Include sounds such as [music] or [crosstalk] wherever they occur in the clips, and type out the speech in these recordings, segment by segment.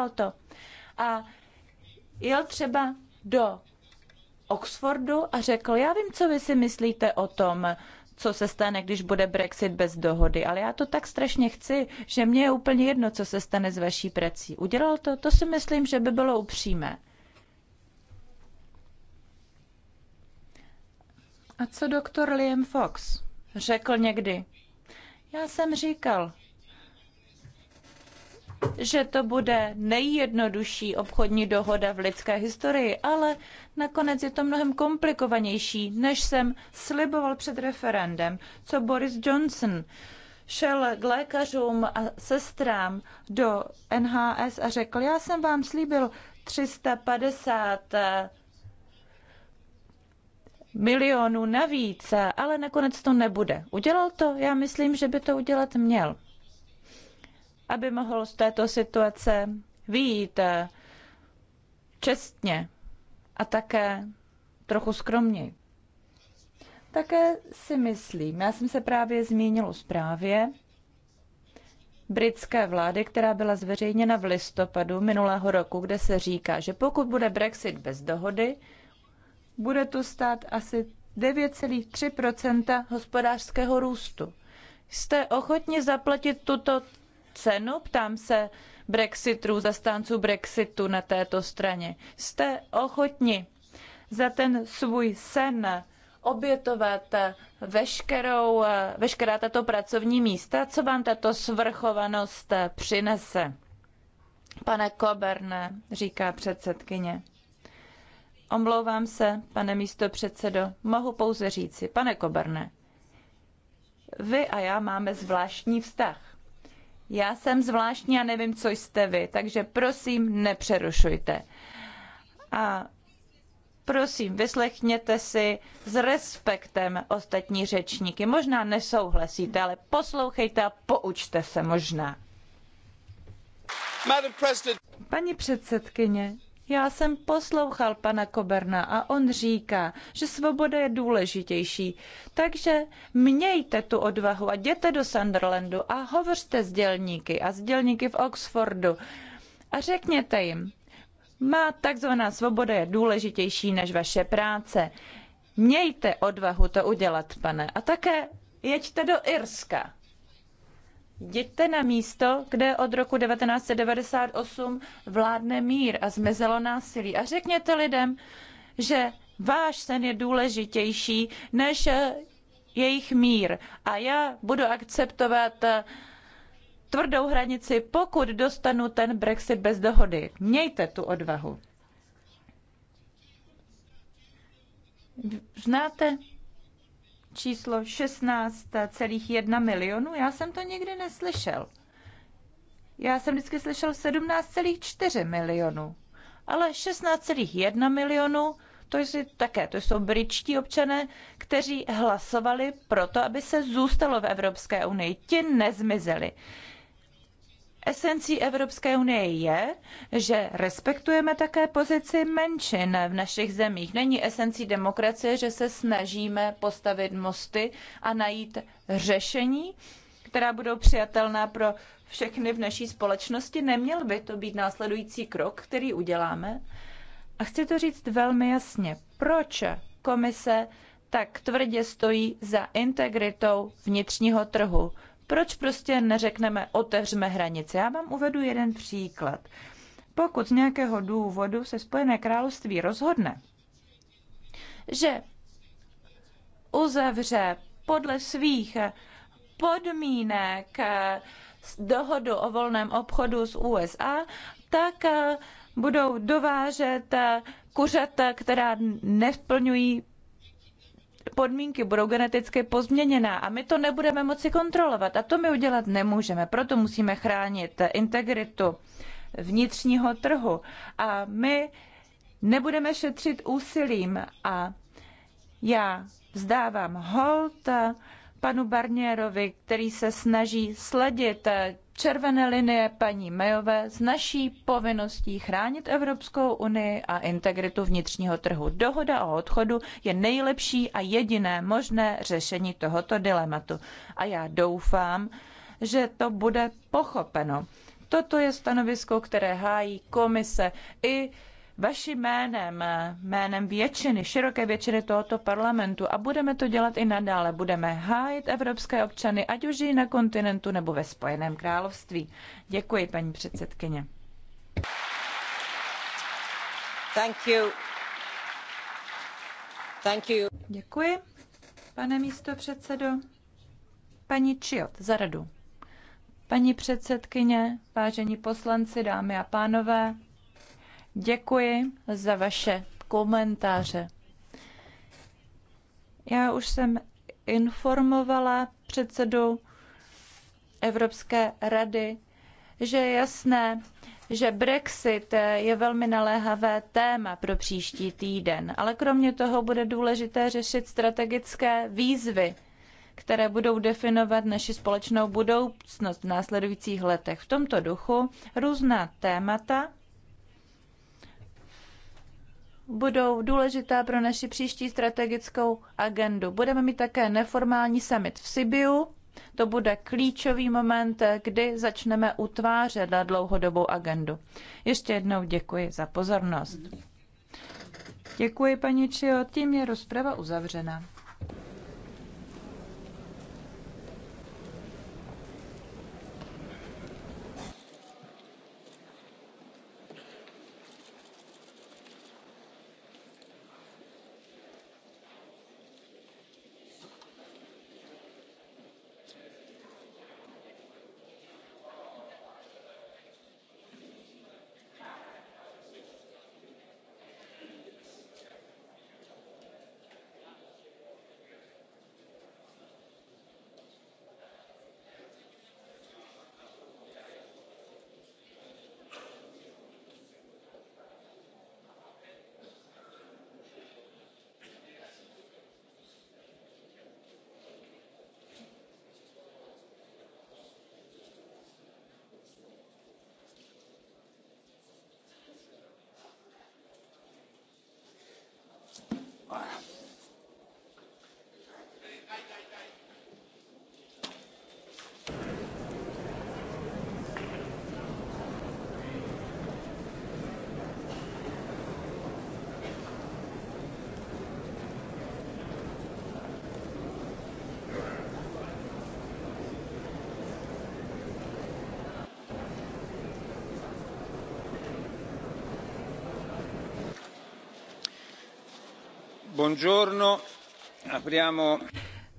udělal to. A jel třeba do Oxfordu a řekl, já vím, co vy si myslíte o tom, co se stane, když bude Brexit bez dohody, ale já to tak strašně chci, že mě je úplně jedno, co se stane s vaší prací. Udělal to? To si myslím, že by bylo upřímé. A co doktor Liam Fox řekl někdy? Já jsem říkal, že to bude nejjednodušší obchodní dohoda v lidské historii, ale nakonec je to mnohem komplikovanější, než jsem sliboval před referendem, co Boris Johnson šel k lékařům a sestrám do NHS a řekl, já jsem vám slíbil 350 eh, milionů navíc, eh, ale nakonec to nebude. Udělal to? Já myslím, že by to udělat měl aby mohl z této situace výjít eh, čestně a také trochu skromněji. Také si myslím, já jsem se právě zmínil o zprávě britské vlády, která byla zveřejněna v listopadu minulého roku, kde se říká, že pokud bude Brexit bez dohody, bude to stát asi 9,3 hospodářského růstu. Jste ochotni zaplatit tuto cenu, ptám se brexitu zastánců Brexitu na této straně. Jste ochotni za ten svůj sen obětovat veškerou, veškerá tato pracovní místa, co vám tato svrchovanost přinese. Pane Koberne, říká předsedkyně. Omlouvám se, pane místo předsedo, mohu pouze říci, pane Koberne, vy a já máme zvláštní vztah. Já jsem zvláštní a nevím, co jste vy, takže prosím, nepřerušujte. A prosím, vyslechněte si s respektem ostatní řečníky. Možná nesouhlasíte, ale poslouchejte a poučte se možná. Paní předsedkyně, já jsem poslouchal pana Koberna a on říká, že svoboda je důležitější. Takže mějte tu odvahu a jděte do Sunderlandu a hovořte s dělníky a s dělníky v Oxfordu a řekněte jim, má takzvaná svoboda je důležitější než vaše práce. Mějte odvahu to udělat, pane, a také jeďte do Irska Jděte na místo, kde od roku 1998 vládne mír a zmizelo násilí a řekněte lidem, že váš sen je důležitější než jejich mír a já budu akceptovat tvrdou hranici, pokud dostanu ten Brexit bez dohody. Mějte tu odvahu. Znáte číslo 16,1 milionu, já jsem to nikdy neslyšel. Já jsem vždycky slyšel 17,4 milionu. ale 16,1 milionu, to jsou také, to jsou britští občané, kteří hlasovali pro to, aby se zůstalo v Evropské unii. Ti nezmizeli. Esencí Evropské unie je, že respektujeme také pozici menšin v našich zemích. Není esencí demokracie, že se snažíme postavit mosty a najít řešení, která budou přijatelná pro všechny v naší společnosti. Neměl by to být následující krok, který uděláme. A chci to říct velmi jasně. Proč komise tak tvrdě stojí za integritou vnitřního trhu? Proč prostě neřekneme otevřme hranice? Já vám uvedu jeden příklad. Pokud z nějakého důvodu se Spojené království rozhodne, že uzavře podle svých podmínek dohodu o volném obchodu s USA, tak budou dovážet kuřata, která nesplňují podmínky budou geneticky pozměněná a my to nebudeme moci kontrolovat a to my udělat nemůžeme. Proto musíme chránit integritu vnitřního trhu a my nebudeme šetřit úsilím a já vzdávám hold panu Barnierovi, který se snaží sledit červené linie paní Mayové s naší povinností chránit Evropskou unii a integritu vnitřního trhu. Dohoda o odchodu je nejlepší a jediné možné řešení tohoto dilematu. A já doufám, že to bude pochopeno. Toto je stanovisko, které hájí komise i vaším jménem, jménem většiny, široké většiny tohoto parlamentu a budeme to dělat i nadále. Budeme hájit evropské občany, ať už žijí na kontinentu nebo ve Spojeném království. Děkuji, paní předsedkyně. Thank you. Thank you. Děkuji, pane místo předsedo. Paní Čiot, za radu. Paní předsedkyně, vážení poslanci, dámy a pánové, Děkuji za vaše komentáře. Já už jsem informovala předsedu Evropské rady, že je jasné, že Brexit je velmi naléhavé téma pro příští týden, ale kromě toho bude důležité řešit strategické výzvy, které budou definovat naši společnou budoucnost v následujících letech. V tomto duchu různá témata budou důležitá pro naši příští strategickou agendu. Budeme mít také neformální summit v Sibiu. To bude klíčový moment, kdy začneme utvářet na dlouhodobou agendu. Ještě jednou děkuji za pozornost. Děkuji, paní Čio. Tím je rozprava uzavřena.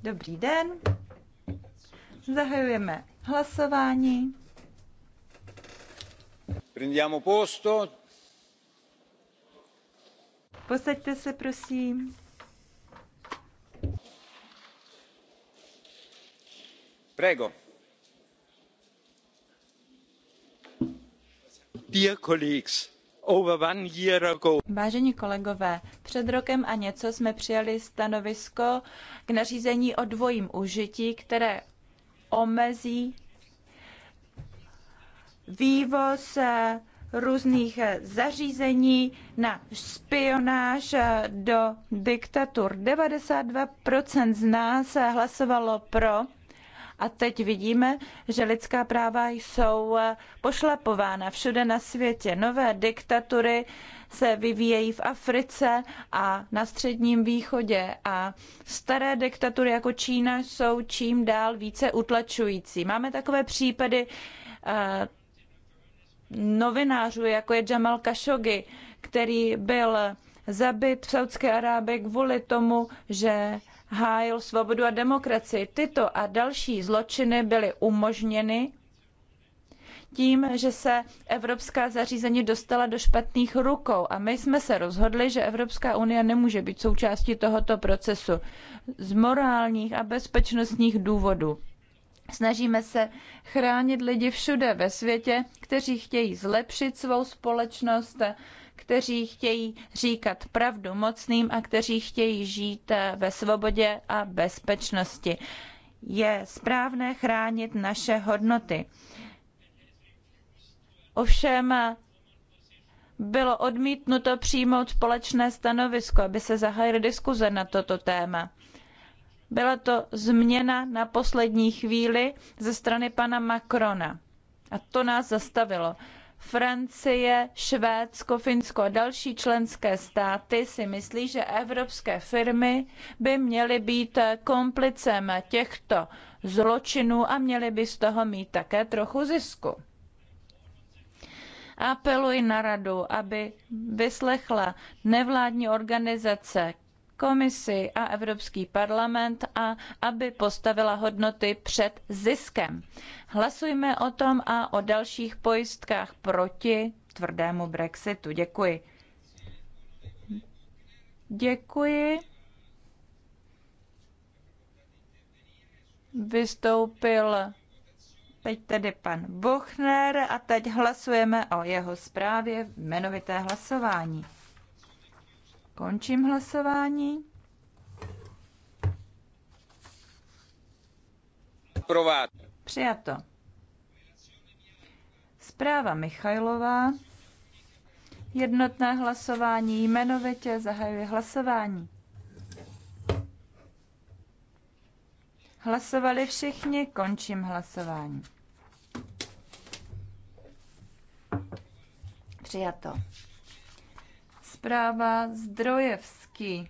Dobrý den. Zahajujeme hlasování. Prendiamo posto. Posaďte se, prosím. Prego. Dear colleagues, Vážení kolegové, před rokem a něco jsme přijali stanovisko k nařízení o dvojím užití, které omezí vývoz eh, různých eh, zařízení na špionáž eh, do diktatur. 92% z nás hlasovalo pro a teď vidíme, že lidská práva jsou pošlapována všude na světě. Nové diktatury se vyvíjejí v Africe a na Středním východě a staré diktatury jako Čína jsou čím dál více utlačující. Máme takové případy eh, novinářů, jako je Jamal Khashoggi, který byl zabit v Saudské Arábii kvůli tomu, že hájil svobodu a demokracii. Tyto a další zločiny byly umožněny tím, že se evropská zařízení dostala do špatných rukou a my jsme se rozhodli, že Evropská unie nemůže být součástí tohoto procesu z morálních a bezpečnostních důvodů. Snažíme se chránit lidi všude ve světě, kteří chtějí zlepšit svou společnost kteří chtějí říkat pravdu mocným a kteří chtějí žít eh, ve svobodě a bezpečnosti. Je správné chránit naše hodnoty. Ovšem eh, bylo odmítnuto přijmout společné stanovisko, aby se zahájily diskuze na toto téma. Byla to změna na poslední chvíli ze strany pana Macrona. A to nás zastavilo. Francie, Švédsko, Finsko a další členské státy si myslí, že evropské firmy by měly být komplicem těchto zločinů a měly by z toho mít také trochu zisku. Apeluji na radu, aby vyslechla nevládní organizace, komisi a Evropský parlament a aby postavila hodnoty před ziskem. Hlasujme o tom a o dalších pojistkách proti tvrdému Brexitu. Děkuji. Děkuji. Vystoupil teď tedy pan Buchner a teď hlasujeme o jeho zprávě v jmenovité hlasování. Končím hlasování. Přijato. Zpráva Michajlová. Jednotné hlasování jmenovitě zahajuje hlasování. Hlasovali všichni, končím hlasování. Přijato. Zpráva Zdrojevský.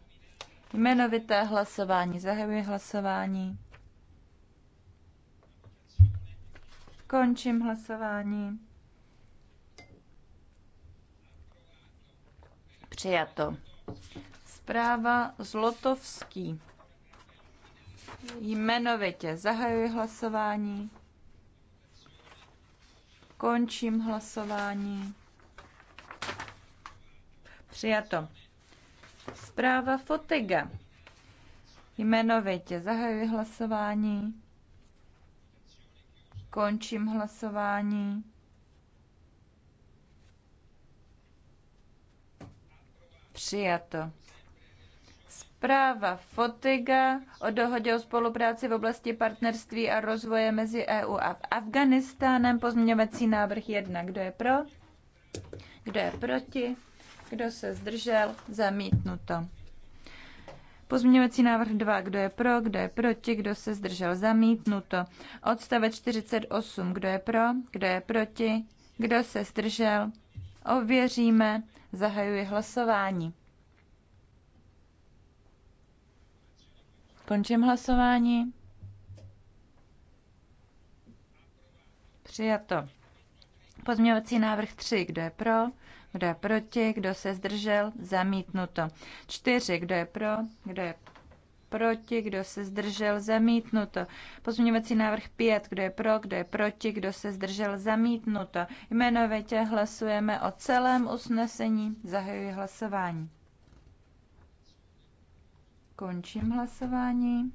Jmenovité hlasování. Zahajuji hlasování. Končím hlasování. Přijato. Zpráva Zlotovský. Jmenovitě zahajuji hlasování. Končím hlasování. Přijato. Zpráva Fotiga. Jmenovitě zahajuji hlasování. Končím hlasování. Přijato. Zpráva Fotiga o dohodě o spolupráci v oblasti partnerství a rozvoje mezi EU a Afganistánem. Pozměňovací návrh 1. Kdo je pro? Kdo je proti? Kdo se zdržel? Zamítnuto. Pozměňovací návrh 2. Kdo je pro? Kdo je proti? Kdo se zdržel? Zamítnuto. Odstavec 48. Kdo je pro? Kdo je proti? Kdo se zdržel? Ověříme. Zahajuji hlasování. Končím hlasování. Přijato. Pozměňovací návrh 3. Kdo je pro? Kdo je proti? Kdo se zdržel? Zamítnuto. čtyři? Kdo je pro? Kdo je proti? Kdo se zdržel? Zamítnuto. Pozměňovací návrh pět? Kdo je pro? Kdo je proti? Kdo se zdržel? Zamítnuto. Jmenovitě hlasujeme o celém usnesení. Zahajuji hlasování. Končím hlasování.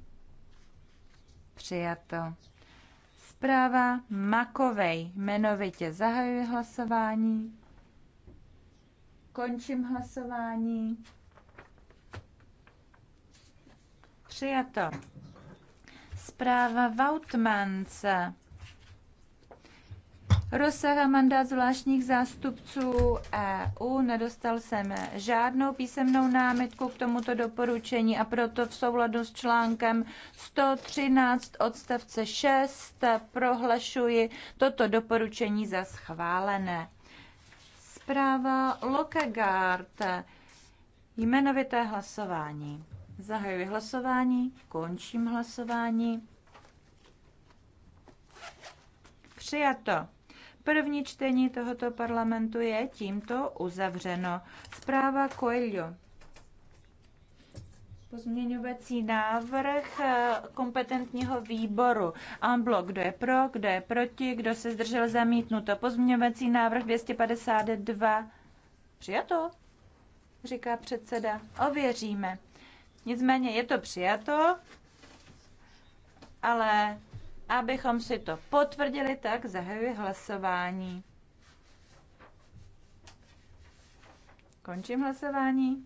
Přijato. Zpráva Makovej. Jmenovitě zahajuji hlasování. Končím hlasování. Přijato. Zpráva Vautmance. Rozsah a mandát zvláštních zástupců EU. Nedostal jsem žádnou písemnou námitku k tomuto doporučení a proto v souladu s článkem 113 odstavce 6 prohlašuji toto doporučení za schválené. Zpráva Lokegaard. Jmenovité hlasování. Zahajuji hlasování, končím hlasování. Přijato. První čtení tohoto parlamentu je tímto uzavřeno. Zpráva Coelho. Pozměňovací návrh eh, kompetentního výboru. Amblo, kdo je pro, kdo je proti, kdo se zdržel zamítnuto. Pozměňovací návrh 252. Přijato, říká předseda. Ověříme. Nicméně je to přijato, ale abychom si to potvrdili, tak zahajuji hlasování. Končím hlasování.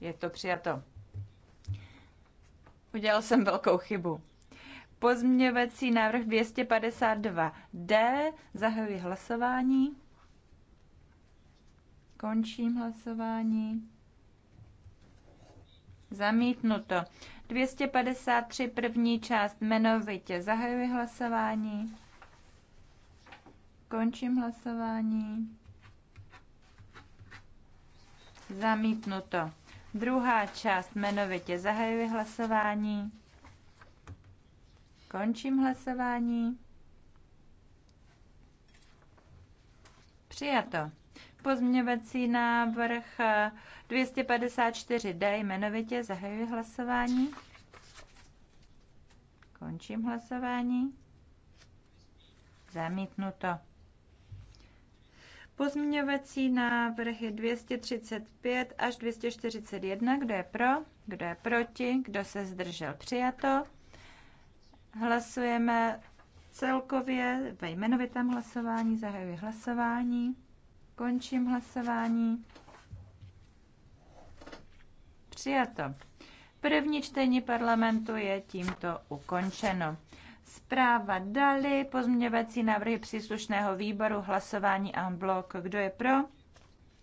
Je to přijato. Udělal jsem velkou chybu. Pozměňovací návrh 252D. Zahajuji hlasování. Končím hlasování. Zamítnuto. 253 první část jmenovitě. Zahajuji hlasování. Končím hlasování. Zamítnuto. Druhá část jmenovitě zahajuji hlasování. Končím hlasování. Přijato. Pozměňovací návrh 254D jmenovitě zahajuji hlasování. Končím hlasování. Zamítnuto. Pozměňovací návrhy 235 až 241, kdo je pro, kdo je proti, kdo se zdržel přijato. Hlasujeme celkově ve jmenovitém hlasování, zahajuji hlasování, končím hlasování. Přijato. První čtení parlamentu je tímto ukončeno. Zpráva dali, pozměňovací návrhy příslušného výboru, hlasování en bloc. Kdo je pro?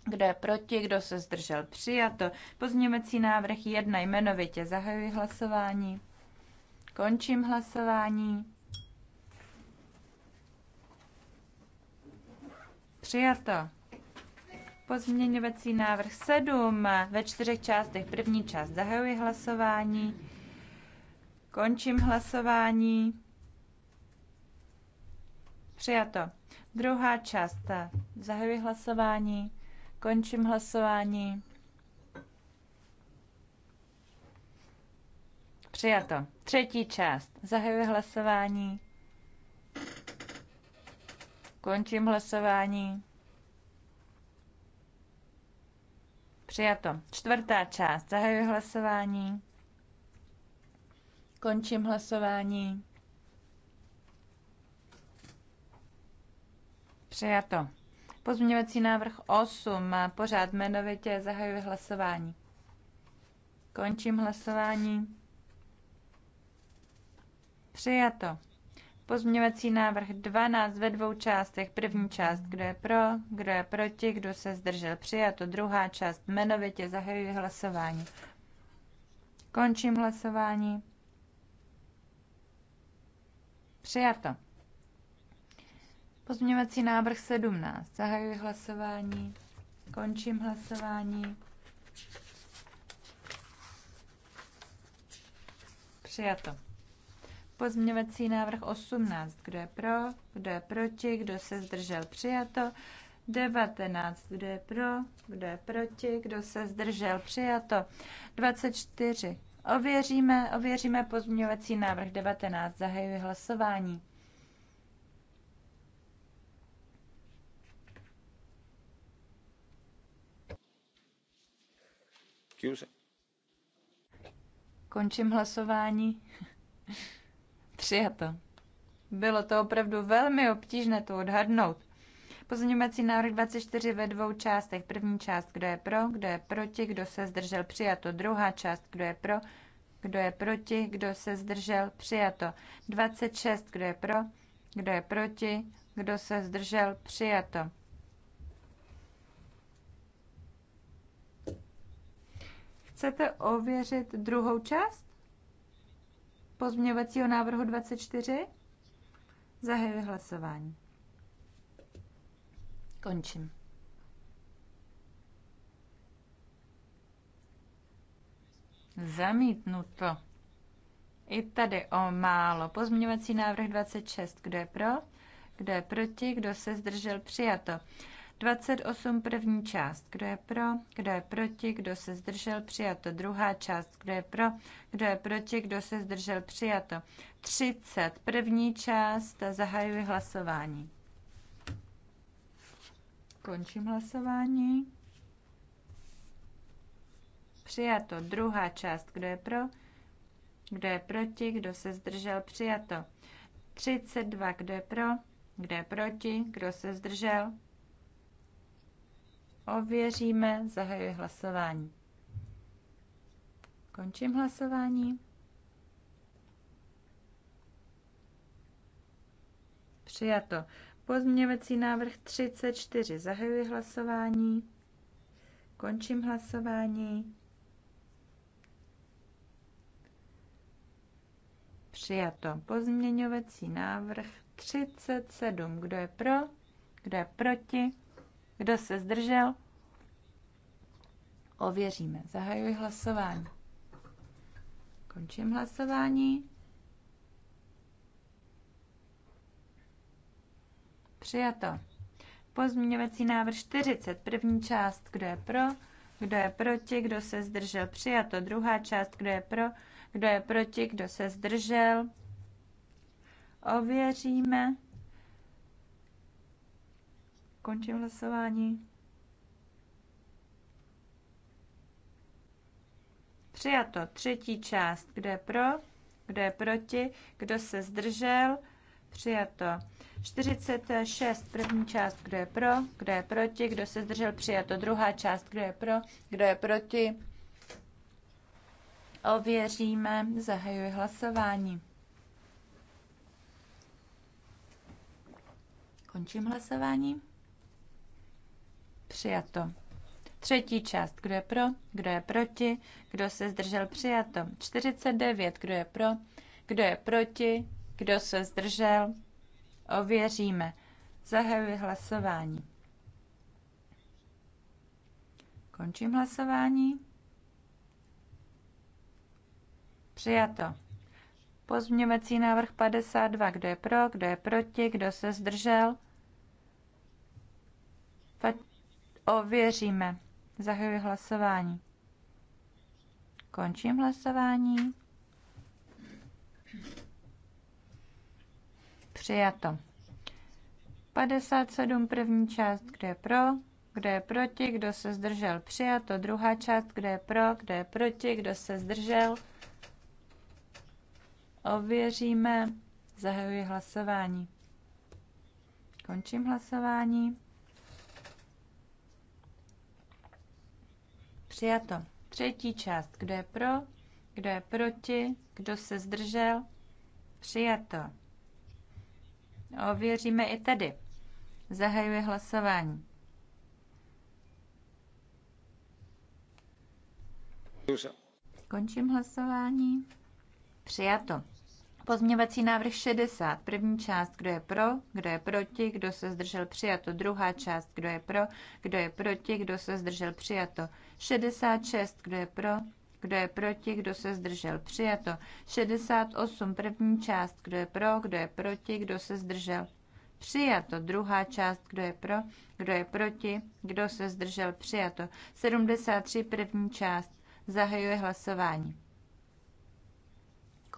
Kdo je proti? Kdo se zdržel? Přijato. Pozměňovací návrh jedna. jmenovitě. Zahajuji hlasování. Končím hlasování. Přijato. Pozměňovací návrh 7 ve čtyřech částech. První část zahajuji hlasování. Končím hlasování. Přijato. Druhá část. Zahajuji hlasování. Končím hlasování. Přijato. Třetí část. Zahajuji hlasování. Končím hlasování. Přijato. Čtvrtá část. Zahajuji hlasování. Končím hlasování. Přijato. Pozměňovací návrh 8. Pořád jmenovitě zahajuji hlasování. Končím hlasování. Přijato. Pozměňovací návrh 12 ve dvou částech. První část, kdo je pro, kdo je proti, kdo se zdržel. Přijato. Druhá část jmenovitě zahajuji hlasování. Končím hlasování. Přijato. Pozměňovací návrh 17. Zahajuji hlasování. Končím hlasování. Přijato. Pozměňovací návrh 18. Kdo je pro? Kdo je proti? Kdo se zdržel? Přijato. 19. Kdo je pro? Kdo je proti? Kdo se zdržel? Přijato. 24. Ověříme, ověříme pozměňovací návrh 19. Zahajuji hlasování. excuse. Končím hlasování. [laughs] Přijato. Bylo to opravdu velmi obtížné to odhadnout. Pozměňovací návrh 24 ve dvou částech. První část, kdo je pro, kdo je proti, kdo se zdržel, přijato. Druhá část, kdo je pro, kdo je proti, kdo se zdržel, přijato. 26, kdo je pro, kdo je proti, kdo se zdržel, přijato. Chcete ověřit druhou část pozměňovacího návrhu 24? Zahajuji hlasování. Končím. Zamítnuto. I tady o málo. Pozměňovací návrh 26. Kdo je pro? Kdo je proti? Kdo se zdržel? Přijato. 28 první část, kdo je pro, kdo je proti, kdo se zdržel, přijato. Druhá část, kdo je pro, kdo je proti, kdo se zdržel, přijato. 30 první část, zahajuji hlasování. Končím hlasování. Přijato. Druhá část, kdo je pro, kdo je proti, kdo se zdržel, přijato. 32, kdo je pro, kdo je proti, kdo se zdržel, Ověříme, zahajuji hlasování. Končím hlasování. Přijato. Pozměňovací návrh 34. Zahajuji hlasování. Končím hlasování. Přijato. Pozměňovací návrh 37. Kdo je pro? Kdo je proti? Kdo se zdržel? Ověříme. Zahajuji hlasování. Končím hlasování. Přijato. Pozměňovací návrh 40, první část, kdo je pro, kdo je proti, kdo se zdržel, přijato. Druhá část, kdo je pro, kdo je proti, kdo se zdržel. Ověříme. Končím hlasování. Přijato třetí část. Kdo je pro? Kdo je proti? Kdo se zdržel? Přijato. 46. První část. Kdo je pro? Kdo je proti? Kdo se zdržel? Přijato. Druhá část. Kdo je pro? Kdo je proti? Ověříme. Zahajuji hlasování. Končím hlasování. Přijato. Třetí část. Kdo je pro? Kdo je proti? Kdo se zdržel? Přijato. 49. Kdo je pro? Kdo je proti? Kdo se zdržel? Ověříme. Zahajuji hlasování. Končím hlasování. Přijato. Pozměňovací návrh 52. Kdo je pro? Kdo je proti? Kdo se zdržel? ověříme. Zahajuji hlasování. Končím hlasování. Přijato. 57 první část, kde je pro, kde je proti, kdo se zdržel. Přijato druhá část, kde je pro, kde je proti, kdo se zdržel. Ověříme. Zahajuji hlasování. Končím hlasování. Přijato. Třetí část. Kdo je pro? Kdo je proti? Kdo se zdržel? Přijato. Ověříme i tady. Zahajuje hlasování. Končím hlasování. Přijato. Pozměvací návrh 60. První část, kdo je pro, kdo je proti, kdo se zdržel přijato. Druhá část, kdo je pro, kdo je proti, kdo se zdržel přijato. 66. Kdo je pro, kdo je proti, kdo se zdržel přijato. 68. První část, kdo je pro, kdo je proti, kdo se zdržel přijato. Druhá část, kdo je pro, kdo je proti, kdo se zdržel přijato. 73. První část, zahajuje hlasování.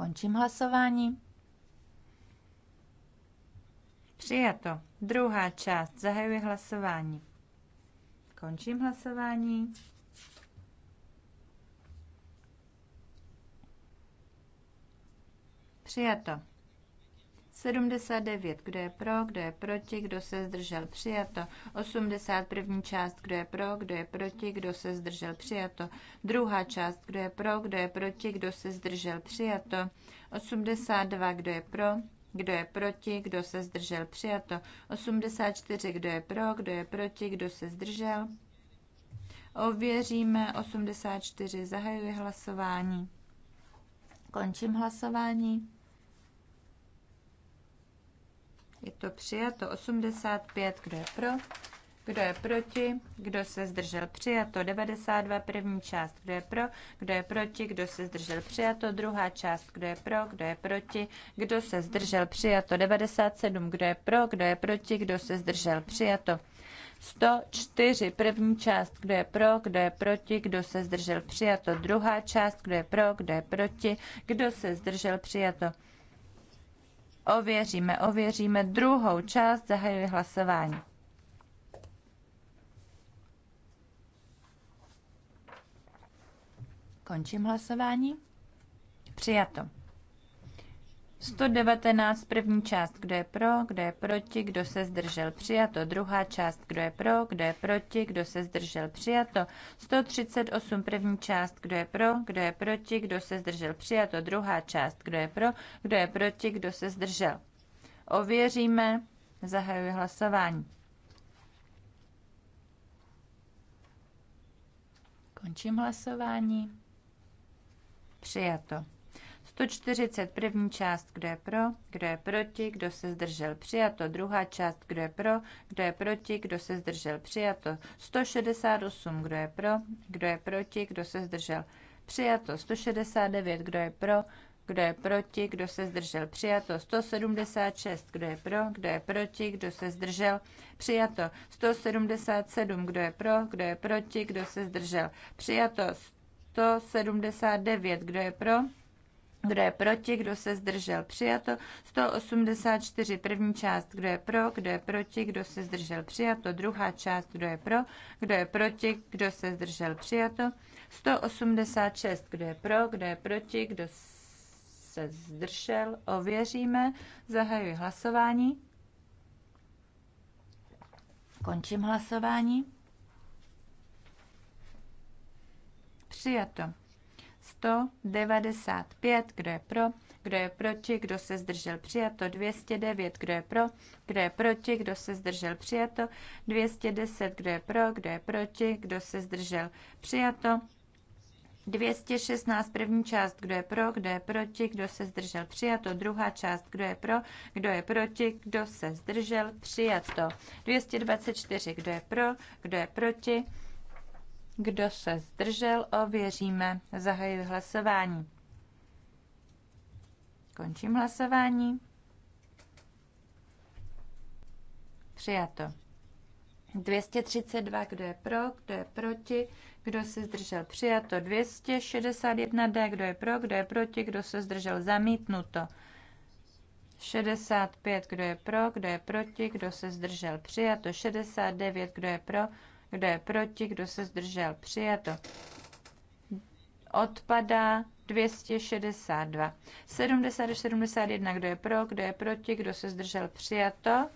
Končím hlasování. Přijato. Druhá část. Zahajuji hlasování. Končím hlasování. Přijato. 79, kdo je pro, kdo je proti, kdo se zdržel přijato. 81. část, kdo je pro, kdo je proti, kdo se zdržel přijato. Druhá část, kdo je pro, kdo je proti, kdo se zdržel přijato. 82, kdo je pro, kdo je proti, kdo se zdržel přijato. 84, kdo je pro, kdo je proti, kdo se zdržel. Ověříme 84, zahajuji hlasování. Končím hlasování. Je to přijato 85, kdo je pro, kdo je proti, kdo se zdržel přijato 92, první část, kdo je pro, kdo je proti, kdo se zdržel přijato, druhá část, kdo je pro, kdo je proti, kdo se zdržel přijato 97, kdo je pro, kdo je proti, kdo se zdržel přijato. 104, první část, kdo je pro, kdo je proti, kdo se zdržel přijato, druhá část, kdo je pro, kdo je proti, kdo se zdržel přijato. Ověříme, ověříme druhou část, zahajuji hlasování. Končím hlasování. Přijato. 119 první část, kdo je pro, kdo je proti, kdo se zdržel přijato. Druhá část, kdo je pro, kdo je proti, kdo se zdržel přijato. 138 první část, kdo je pro, kdo je proti, kdo se zdržel přijato. Druhá část, kdo je pro, kdo je proti, kdo se zdržel. Ověříme, zahajuji hlasování. Končím hlasování. Přijato. 140 první část, kdo je pro, kdo je proti, kdo se zdržel přijato, druhá část, kdo je pro, kdo je proti, kdo se zdržel přijato, 168, kdo je pro, kdo je proti, kdo se zdržel přijato, 169, kdo je pro, kdo je proti, kdo se zdržel přijato, 176, kdo je pro, kdo je proti, kdo se zdržel přijato, 177, kdo je pro, kdo je proti, kdo se zdržel přijato, 179, kdo je pro, kdo je proti, kdo se zdržel, přijato. 184 první část, kdo je pro, kdo je proti, kdo se zdržel, přijato. Druhá část, kdo je pro, kdo je proti, kdo se zdržel, přijato. 186, kdo je pro, kdo je proti, kdo se zdržel, ověříme. Zahajuji hlasování. Končím hlasování. Přijato. 195, kdo je pro, kdo je proti, kdo se zdržel přijato, 209, kdo je pro, kdo je proti, kdo se zdržel přijato, 210, kdo je pro, kdo je proti, kdo se zdržel přijato, 216 první část, kdo je pro, kdo je proti, kdo se zdržel přijato, druhá část, kdo je pro, kdo je proti, kdo se zdržel přijato, 224, kdo je pro, kdo je proti, kdo se zdržel, ověříme. Zahajuji hlasování. Končím hlasování. Přijato. 232, kdo je pro, kdo je proti, kdo se zdržel přijato. 261D, kdo je pro, kdo je proti, kdo se zdržel zamítnuto. 65, kdo je pro, kdo je proti, kdo se zdržel přijato. 69, kdo je pro, kdo je proti, kdo se zdržel, přijato. Odpadá 262. 70 až 71, kdo je pro, kdo je proti, kdo se zdržel, přijato.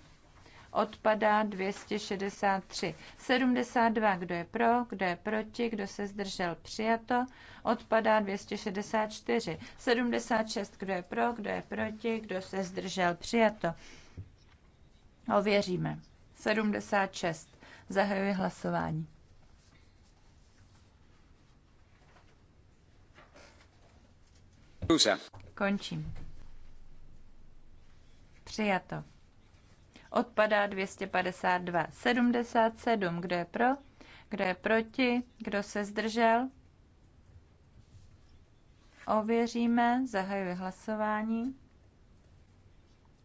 Odpadá 263. 72, kdo je pro, kdo je proti, kdo se zdržel, přijato. Odpadá 264. 76, kdo je pro, kdo je proti, kdo se zdržel, přijato. Ověříme. 76. Zahajuji hlasování. Končím. Přijato. Odpadá 252. 77. Kdo je pro? Kdo je proti? Kdo se zdržel? Ověříme. Zahajuji hlasování.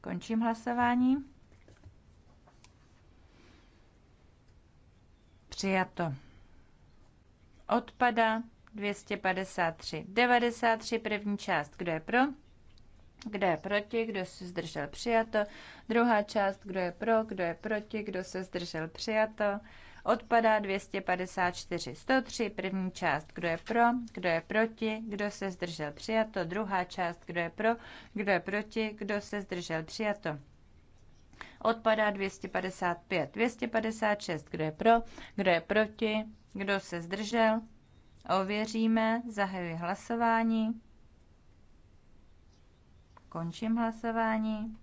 Končím hlasování. Přijato. Odpada 253. 93 první část. Kdo je pro? Kdo je proti? Kdo se zdržel? Přijato. Druhá část. Kdo je pro? Kdo je proti? Kdo se zdržel? Přijato. Odpadá 254. 103 první část. Kdo je pro? Kdo je proti? Kdo se zdržel? Přijato. Druhá část. Kdo je pro? Kdo je proti? Kdo se zdržel? Přijato. Odpadá 255. 256. Kdo je pro? Kdo je proti? Kdo se zdržel? Ověříme. Zahajuji hlasování. Končím hlasování.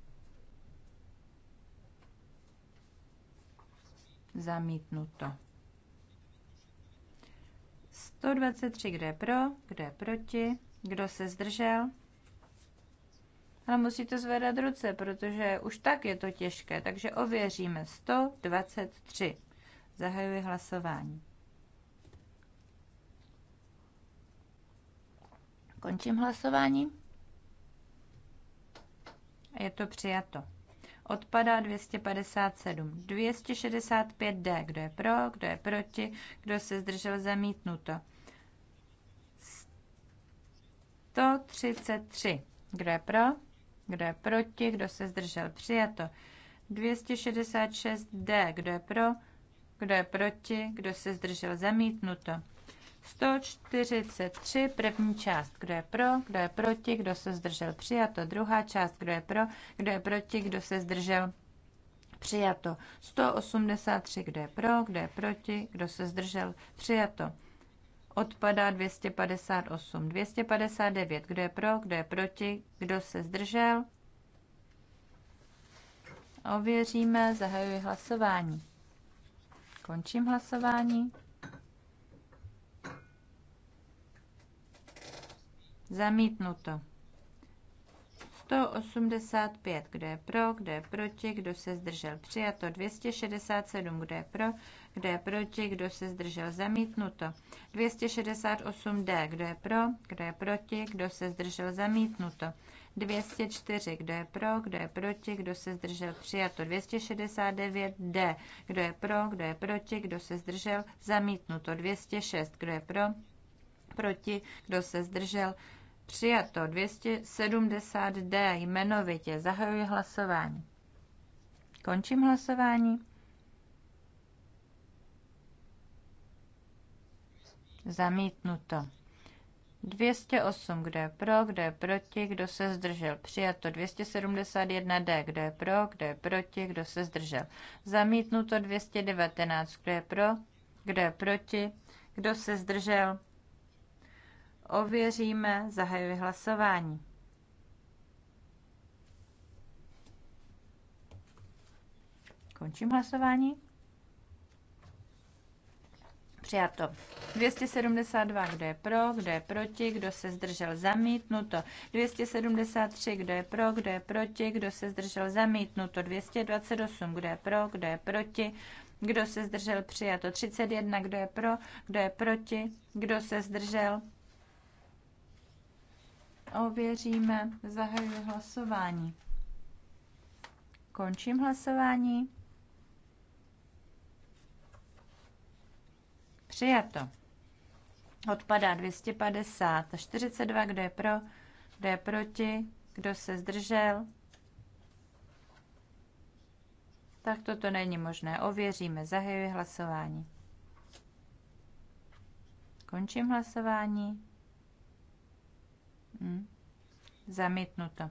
Zamítnuto. 123, kdo je pro, kdo je proti, kdo se zdržel ale musíte zvedat ruce, protože už tak je to těžké, takže ověříme 123. Zahajuji hlasování. Končím hlasování. Je to přijato. Odpadá 257. 265D. Kdo je pro, kdo je proti, kdo se zdržel zamítnuto. 133. Kdo je pro? Kdo je proti? Kdo se zdržel? Přijato. 266D. Kdo je pro? Kdo je proti? Kdo se zdržel? Zamítnuto. 143, první část, kdo je pro, kdo je proti, kdo se zdržel, přijato. Druhá část, kdo je pro, kdo je proti, kdo se zdržel, přijato. 183, kdo je pro, kdo je proti, kdo se zdržel, přijato. Odpadá 258. 259. Kdo je pro, kdo je proti, kdo se zdržel? Ověříme, zahajuji hlasování. Končím hlasování. Zamítnuto. 185, kdo je pro, kdo je proti, kdo se zdržel přijato, 267, kdo je pro, kdo je proti, kdo se zdržel zamítnuto. 268D, kdo je pro, kdo je proti, kdo se zdržel zamítnuto. 204, kdo je pro, kdo je proti, kdo se zdržel přijato. 269D, kdo je pro, kdo je proti, kdo se zdržel zamítnuto. 206, kdo je pro, proti, kdo se zdržel přijato. 270D, jmenovitě zahajuji hlasování. Končím hlasování. Zamítnuto. 208, kdo je pro, kdo je proti, kdo se zdržel. Přijato 271D, kdo je pro, kdo je proti, kdo se zdržel. Zamítnuto 219, kdo je pro, kdo je proti, kdo se zdržel. Ověříme, zahajuji hlasování. Končím hlasování. Přijato. 272, kdo je pro, kdo je proti, kdo se zdržel zamítnuto. 273, kdo je pro, kdo je proti, kdo se zdržel zamítnuto. 228, kdo je pro, kdo je proti, kdo se zdržel přijato. 31, kdo je pro, kdo je proti, kdo se zdržel. Ověříme, zahajuji hlasování. Končím hlasování. Přijato. Odpadá 250. 42, kdo je pro, kdo je proti, kdo se zdržel. Tak toto není možné. Ověříme. Zahajuji hlasování. Končím hlasování. Hm. Zamítnuto.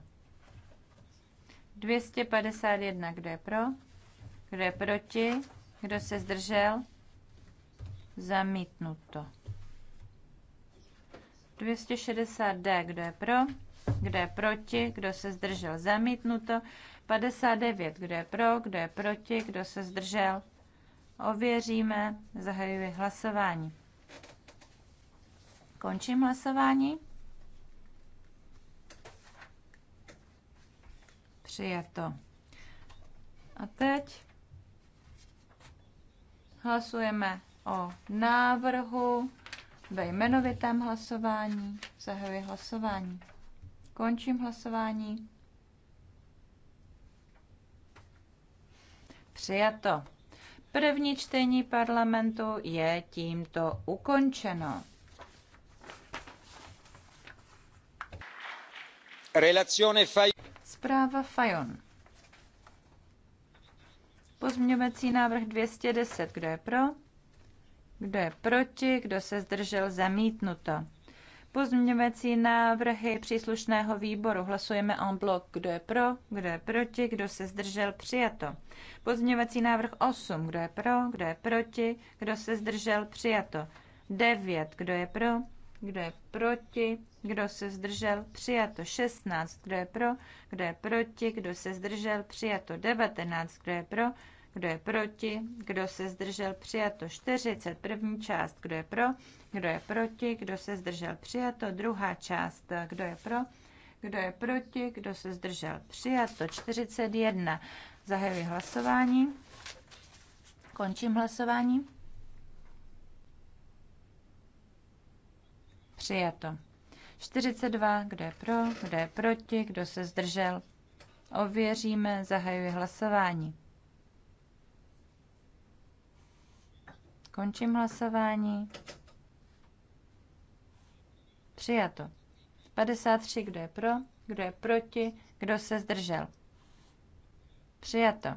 251, kdo je pro, kdo je proti, kdo se zdržel. Zamítnuto. 260D, kdo je pro, kdo je proti, kdo se zdržel, zamítnuto. 59, kdo je pro, kdo je proti, kdo se zdržel. Ověříme, zahajuji hlasování. Končím hlasování. Přijato. A teď hlasujeme o návrhu ve jmenovitém hlasování. Zahajuji hlasování. Končím hlasování. Přijato. První čtení parlamentu je tímto ukončeno. Relazione Faj- Zpráva Fajon. Pozměňovací návrh 210. Kdo je pro? Kdo je proti? Kdo se zdržel? Zamítnuto. Pozměňovací návrhy příslušného výboru. Hlasujeme en bloc. Kdo je pro? Kdo je proti? Kdo se zdržel? Přijato. Pozměňovací návrh 8. Kdo je pro? Kdo je proti? Kdo se zdržel? Přijato. 9. Kdo je pro? Kdo je proti? Kdo se zdržel? Přijato 16. Kdo je pro? Kdo je proti? Kdo se zdržel? Přijato 19. Kdo je pro? kdo je proti, kdo se zdržel přijato 40, první část, kdo je pro, kdo je proti, kdo se zdržel přijato, druhá část, kdo je pro, kdo je proti, kdo se zdržel přijato 41. Zahajuji hlasování. Končím hlasování. Přijato. 42, kdo je pro, kdo je proti, kdo se zdržel. Ověříme, zahajuji hlasování. Končím hlasování. Přijato. 53, kdo je pro, kdo je proti, kdo se zdržel. Přijato.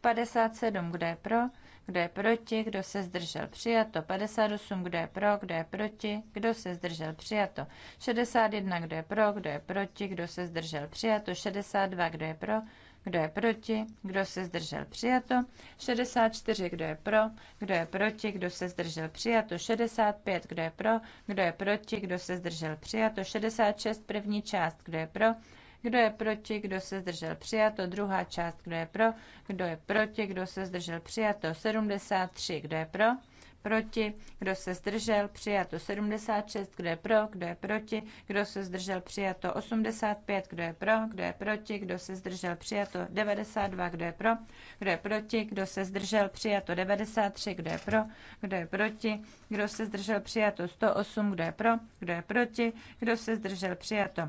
57, kdo je pro, kdo je proti, kdo se zdržel. Přijato. 58, kdo je pro, kdo je proti, kdo se zdržel. Přijato. 61, kdo je pro, kdo je proti, kdo se zdržel. Přijato. 62, kdo je pro, kdo je proti, kdo se zdržel přijato, 64, kdo je pro, kdo je proti, kdo se zdržel přijato, 65, kdo je pro, kdo je proti, kdo se zdržel přijato, 66, první část, kdo je pro, kdo je proti, kdo se zdržel přijato, druhá část, kdo je pro, kdo je proti, kdo se zdržel přijato, 73, kdo je pro, proti, kdo se zdržel, přijato 76, kdo je pro, kdo je proti, kdo se zdržel, přijato 85, kdo je pro, kdo je proti, kdo se zdržel, přijato 92, kdo je pro, kdo je proti, kdo se zdržel, přijato 93, kdo je pro, kdo je proti, kdo se zdržel, přijato 108, kdo je pro, kdo je proti, kdo se zdržel, přijato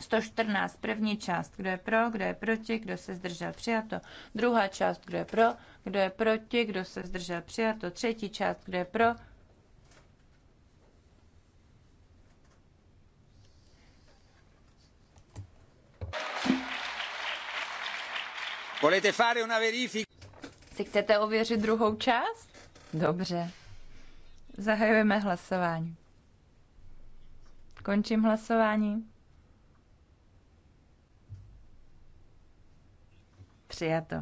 114, první část, kdo je pro, kdo je proti, kdo se zdržel přijato. Druhá část, kdo je pro, kdo je proti, kdo se zdržel přijato. Třetí část, kdo je pro. Volete fare una verifica? Si chcete ověřit druhou část? Dobře. Zahajujeme hlasování. Končím hlasování. Přijato.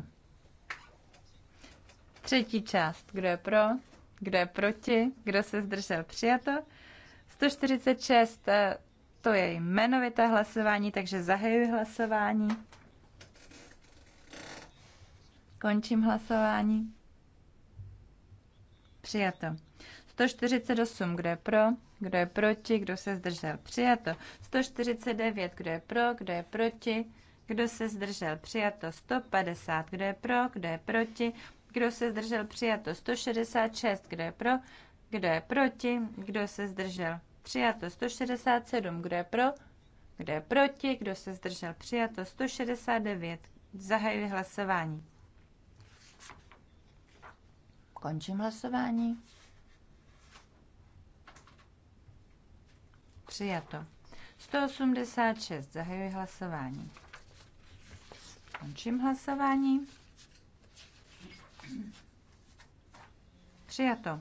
Třetí část. Kdo je pro? Kdo je proti? Kdo se zdržel? Přijato. 146. Eh, to je jmenovité hlasování, takže zahajuji hlasování. Končím hlasování. Přijato. 148, kdo je pro, kdo je proti, kdo se zdržel. Přijato. 149, kdo je pro, kdo je proti, kdo se zdržel? Přijato 150. Kdo je pro? Kdo je proti? Kdo se zdržel? Přijato 166. Kdo je pro? Kdo je proti? Kdo se zdržel? Přijato 167. Kdo je pro? Kdo je proti? Kdo se zdržel? Přijato 169. Zahajuji hlasování. Končím hlasování. Přijato. 186. Zahajuji hlasování. Končím hlasování. Přijato.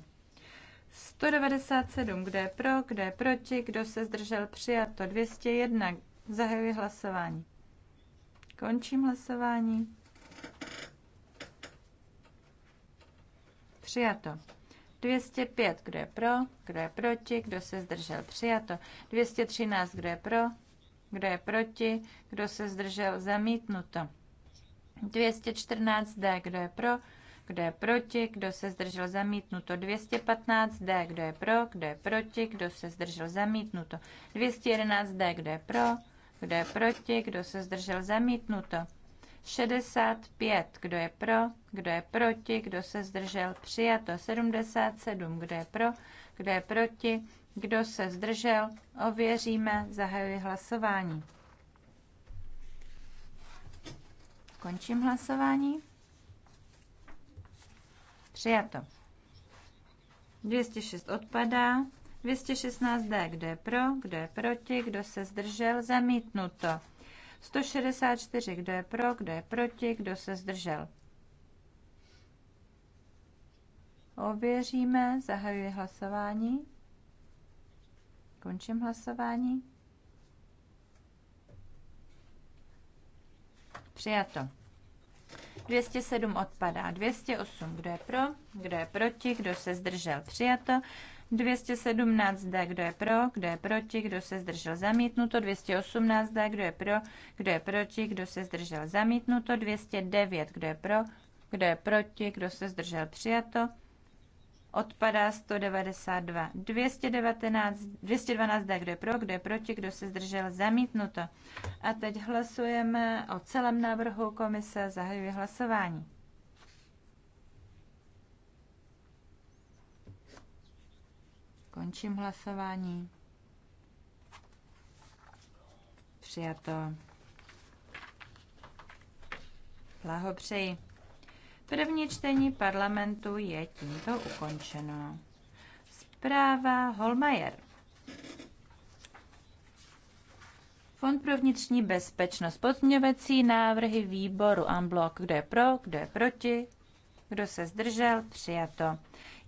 197, kde je pro, kde je proti, kdo se zdržel přijato. 201, zahajuji hlasování. Končím hlasování. Přijato. 205, kdo je pro, kdo je proti, kdo se zdržel přijato. 213, kdo je pro, kdo je proti, kdo se zdržel zamítnuto. 214D, kdo je pro, kdo je proti, kdo se zdržel zamítnuto 215D, kdo je pro, kdo je proti, kdo se zdržel zamítnuto 211D, kdo je pro, kdo je proti, kdo se zdržel zamítnuto 65, kdo je pro, kdo je proti, kdo se zdržel přijato 77, kdo je pro, kdo je proti, kdo se zdržel, ověříme, zahajuji hlasování. Končím hlasování. Přijato. 206 odpadá. 216D, kdo je pro, kdo je proti, kdo se zdržel, zamítnuto. 164, kdo je pro, kdo je proti, kdo se zdržel. Ověříme, zahajuji hlasování. Končím hlasování. Přijato. 207 odpadá. 208, kdo je pro, kdo je proti, kdo se zdržel. Přijato. 217 D, kdo je pro, kdo je proti, kdo se zdržel zamítnuto, 218 D, kdo je pro, kdo je proti, kdo se zdržel zamítnuto, 209, kdo je pro, kdo je proti, kdo se zdržel přijato, odpadá 192. 219, 212 D, kdo je pro, kdo je proti, kdo se zdržel, zamítnuto. A teď hlasujeme o celém návrhu komise, zahajuji hlasování. Končím hlasování. Přijato. Blahopřeji. První čtení parlamentu je tímto ukončeno. Zpráva Holmajer. Fond pro vnitřní bezpečnost. Podměvecí návrhy výboru Amblok. Kdo je pro, kdo je proti, kdo se zdržel, přijato.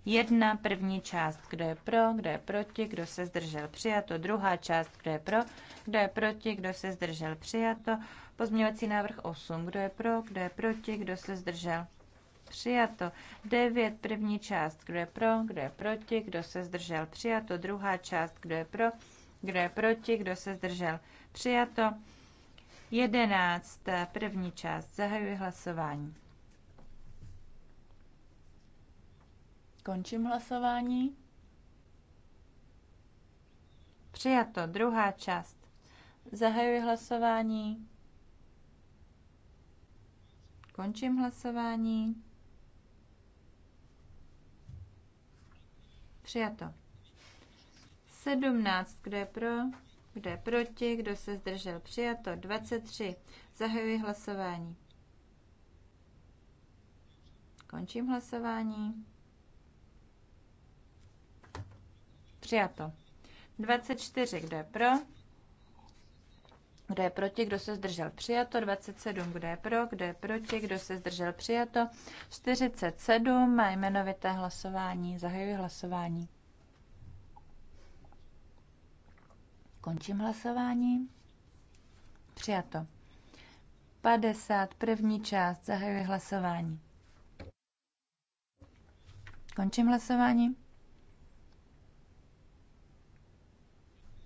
Jedna první část, kdo je pro, kdo je proti, kdo se zdržel, přijato. Druhá část, kdo je pro, kdo je proti, kdo se zdržel, přijato. Pozměňovací návrh 8, kdo je pro, kdo je proti, kdo se zdržel, přijato. 9, první část, kdo je pro, kdo je proti, kdo se zdržel, přijato. Druhá část, kdo je pro, kdo je proti, kdo se zdržel, přijato. 11, první část, zahajuji hlasování. Končím hlasování. Přijato, druhá část. Zahajuji hlasování. Končím hlasování. Přijato. 17. Kdo je pro? Kdo je proti? Kdo se zdržel? Přijato. 23. Zahajuji hlasování. Končím hlasování. Přijato. 24. Kdo je pro? Kdo je proti, kdo se zdržel přijato? 27. Kdo je pro, kdo je proti, kdo se zdržel přijato? 47. Má jmenovité hlasování. Zahajuji hlasování. Končím hlasování. Přijato. 50. První část. Zahajuji hlasování. Končím hlasování.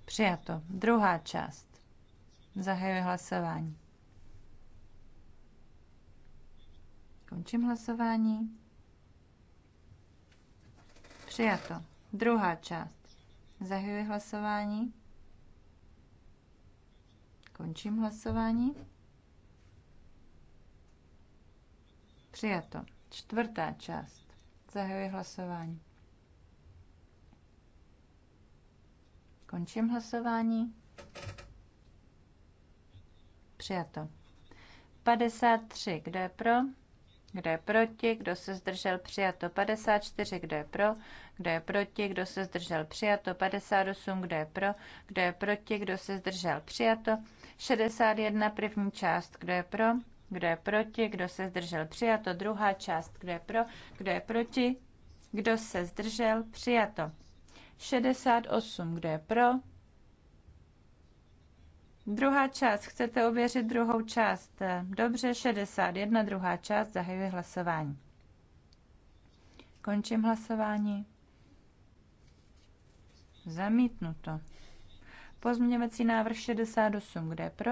Přijato. Druhá část. Zahajuji hlasování. Končím hlasování. Přijato. Druhá část. Zahajuji hlasování. Končím hlasování. Přijato. Čtvrtá část. Zahajuji hlasování. Končím hlasování. Přijato. 53. Kdo je pro? Kdo je proti? Kdo se zdržel? Přijato. 54. Kdo je pro? Kdo je proti? Kdo se zdržel? Přijato. 58. Kdo je pro? Kdo je proti? Kdo se zdržel? Přijato. 61. První část. Kdo je pro? Kdo je proti? Kdo se zdržel? Přijato. Druhá část. Kdo je pro? Kdo je proti? Kdo se zdržel? Přijato. 68. Kdo je pro? Druhá část. Chcete ověřit druhou část? Dobře, 61. Druhá část. Zahajuji hlasování. Končím hlasování. Zamítnuto. Pozměňovací návrh 68. Kde je pro?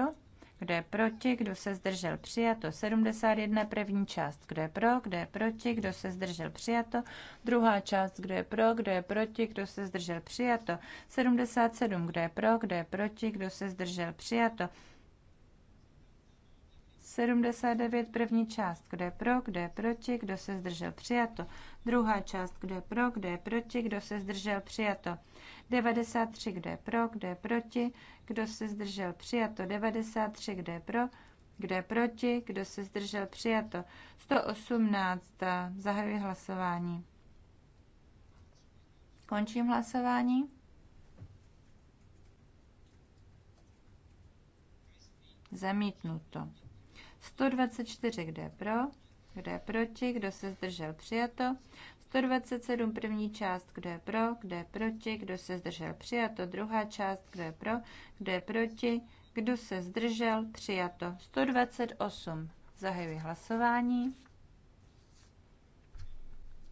kdo je proti, kdo se zdržel přijato, 71 první část, kdo je pro, kdo je proti, kdo se zdržel přijato, druhá část, kdo je pro, kdo je proti, kdo se zdržel přijato, 77, kdo je pro, kdo je proti, kdo se zdržel přijato, 79 první část, kdo je pro, kdo je proti, kdo se zdržel přijato, druhá část, kdo je pro, kdo je proti, kdo se zdržel přijato, 93, kdo je pro, kdo je proti, kdo se zdržel přijato, 93, kdo je pro, kdo je proti, kdo se zdržel přijato, 118, zahajuji hlasování. Končím hlasování. Zamítnuto. 124, kde je pro, kde je proti, kdo se zdržel přijato. 127 první část, kdo je pro, kdo je proti, kdo se zdržel přijato, druhá část, kdo je pro, kdo je proti, kdo se zdržel přijato, 128. Zahajuji hlasování.